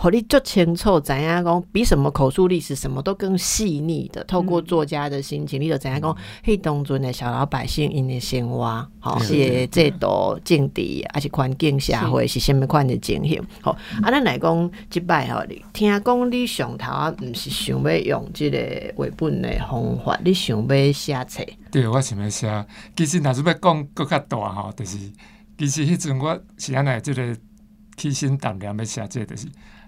吼！你足清楚知影講，比什麼口述歷史什麼都更細膩的。透過作家的心情，嗯、你著知影講？黑、嗯、當陣的小老百姓因嘅生活，吼、嗯哦、是制度政治而是環境社會是蝦米款嘅情形？吼、哦！嗯、啊，咱來講即擺吼，聽講你上頭啊，毋是想要用即個繪本嘅方法，嗯、你想要寫冊？對，我想要寫。其實，若是要講擱較大吼，就是其實迄陣我是安內即個起心動念要寫，即就是。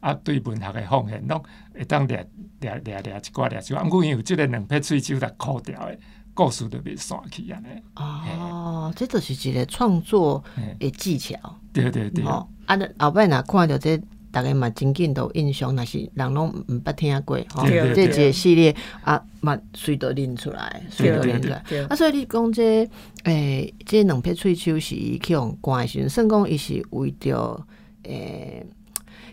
啊，對文學嘅奉獻攏會當掠、掠、掠、掠一寡、掠一寡。啊，毋過因有即個兩撇喙鬚來扣掉嘅故事就，就變散去安尼。哦，即個對、喔、就是一個創作嘅技巧。對對對。哦，喔、啊，後邊若看到即、這個、大概嘛，真緊都印象，那是人攏毋捌聽過。吼、喔，即一個系列啊，嘛隨都恁出來，隨都恁出來。啊，所以你講即、這個，誒、欸，即兩撇喙鬚是伊去強，關心算講伊是為着誒。欸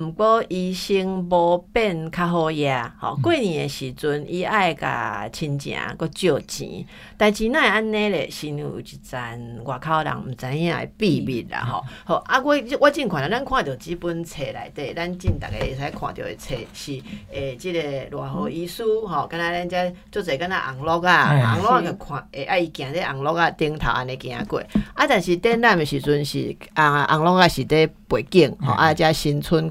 毋過醫生無變較好呀，吼、哦、過年嘅時陣伊愛甲親戚擱借錢，代志若會安尼咧是有一陣外口人毋知影嘅秘密啦吼，好啊我我近看咧，咱看着幾本冊內底，咱近逐、欸這個會使、嗯哦、看着嘅冊是誒，即個賴和醫師吼，敢若咱才做者敢若紅綠啊，啊，啊，紅綠着看誒啊，伊行咧紅綠啊頂頭安尼行過，啊但是頂岸嘅時陣是啊紅綠啊是佇背景，吼啊才新春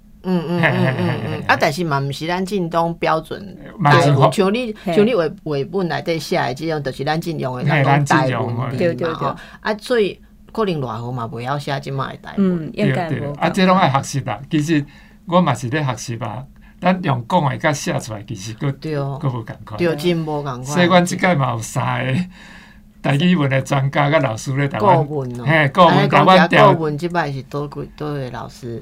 嗯嗯嗯嗯嗯啊，但是嘛，毋是咱正宗標準，像你像你畫畫本內底寫嘅，這種，就是咱正宗嘅台文對對對。啊，所以可能外學嘛，袂曉寫即賣嘅代文。嗯，對該啊，即種愛學習啦，其實我嘛是咧學習吧。咱用講嘅甲寫出來，其實佫佫無共款。對，真無共款。所以，我即擺嘛有三個台語文嘅專家甲老師咧。過問，哎，過問，過問，即擺是多幾多位老師。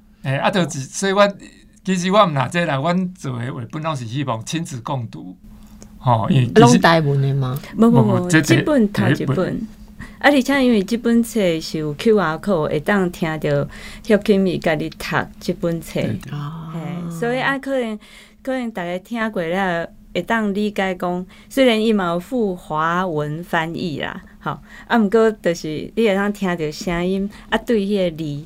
誒、欸，啊，就是所以我，我其實我唔拿這來、個，阮做誒繪本，本來是希望親子共讀，吼、哦，因為攏是台語文誒嘛，唔唔，這這，本讀一本。沒啊，而且因為這本冊是有 Q R code，會當聽着小金米共你讀這本冊，啊、哦欸，所以啊可能可能大家聽過了，會當理解講，雖然伊嘛有附華文翻譯啦，吼，啊毋過就是你會當聽着聲音啊對，對迄個字。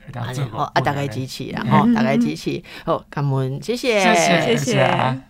好，大家支持啦，大家支持，好，感恩，謝謝，謝謝，謝謝。